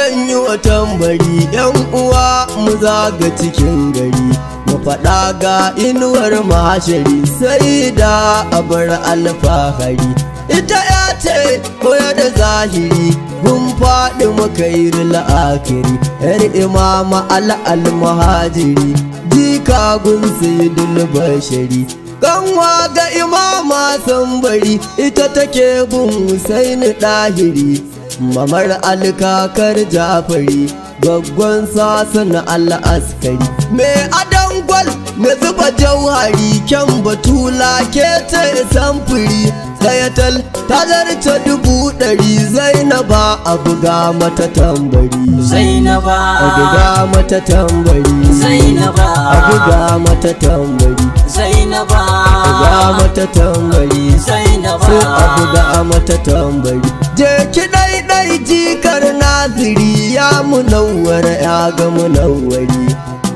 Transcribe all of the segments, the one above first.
zan yi wa tambari yan uwa mu zaga cikin gari mu faɗa ga inuwar mahashari sai da abar alfahari ita ya ce koya da zahiri gun faɗi makairu la'akiri yar imama al'al muhajiri jika gun sayidul bashari kanwa ga imama sambari ita take bin husaini ɗahiri mamar alkakar jafari gaggon sasan al'askari me Adan gwal na zuba jauhari kyan batula ke ta samfuri tsayatal ta zarce dubu ɗari zainaba a buga mata tambari zainaba a buga mata tambari zainaba a buga mata tambari zainaba a buga mata tambari zainaba a buga mata tambari je kidai wai jikar naziri ya munawar ya ga munawari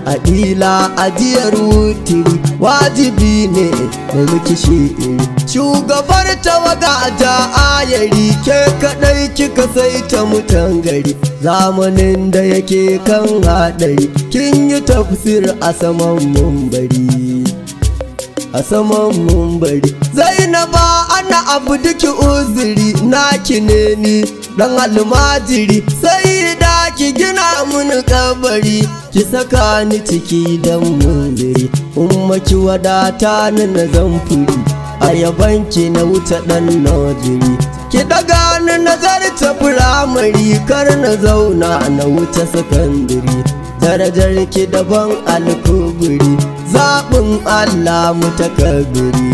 a ɗila ajiyar wutiri wajibi ne da muke shi'iri shugabar tawaga ja ayari ke kaɗai kika saita ta mutan gari zamanin da yake kan haɗari kin yi tafsir a saman mumbari a saman mumbari zainaba ana abu duki uzuri naki ne ni dan almajiri sai da ki gina mun kabari ki saka ni ciki dan mumbari umma ki wadata ni na zamfuri a ki na wuta dan nojiri ki daga ni ta firamari kar na zauna na wuta sakandiri darajar ki daban alkuburi zaɓin Allah mu mutakabiri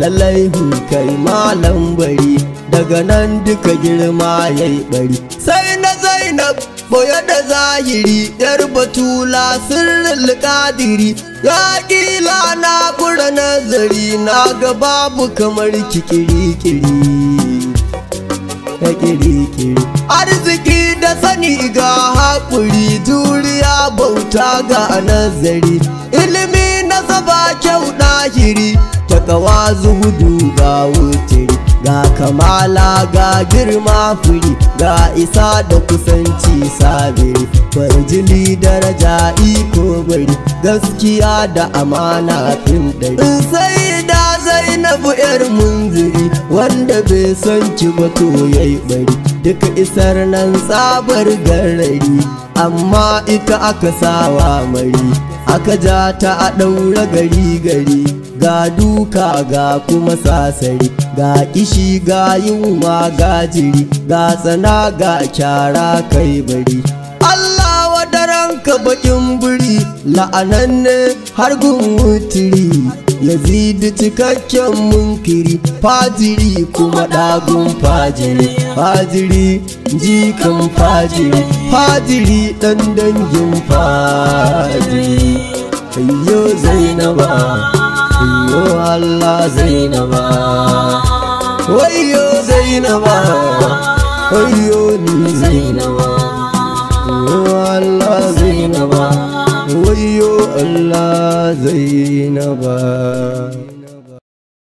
lallai kai malam bari daga nan duka girma yayi bari sai na Zainab boye da zahiri yar batula sirrin kadiri ya kila na kura nazari na ga babu kamar kikiri-kiri kiri arziki da sani ga haƙuri bauta ga nazari ilimi na zaba kyau dahiri ta kawa zuhudu ga wutiri ga kamala ga girma firi ga isa da kusanci sabiri farjini, daraja iko bari gaskiya da amana fim ɗari sai da zainabu 'yarmu wanda bai san ci ba to yayi bari duka isar nan sabar garari amma ita aka sawa mari aka ja ta a ɗaura gari gari ga duka ga kuma sasari ga ishi, ga yunwa ga jiri ga tsana ga kyara kai bari Allah wadaranka bakin buri la'ananne har gun wutiri yazidi cikakken munkiri fajiri kuma ɗagun fajiri fajiri jikan fajiri fajiri ɗan dangin fajiri ayyo zainaba ayyo allah zainaba wayo zainaba Ayyo ni zainaba Ayyo allah zainaba Ayyo allah zainaba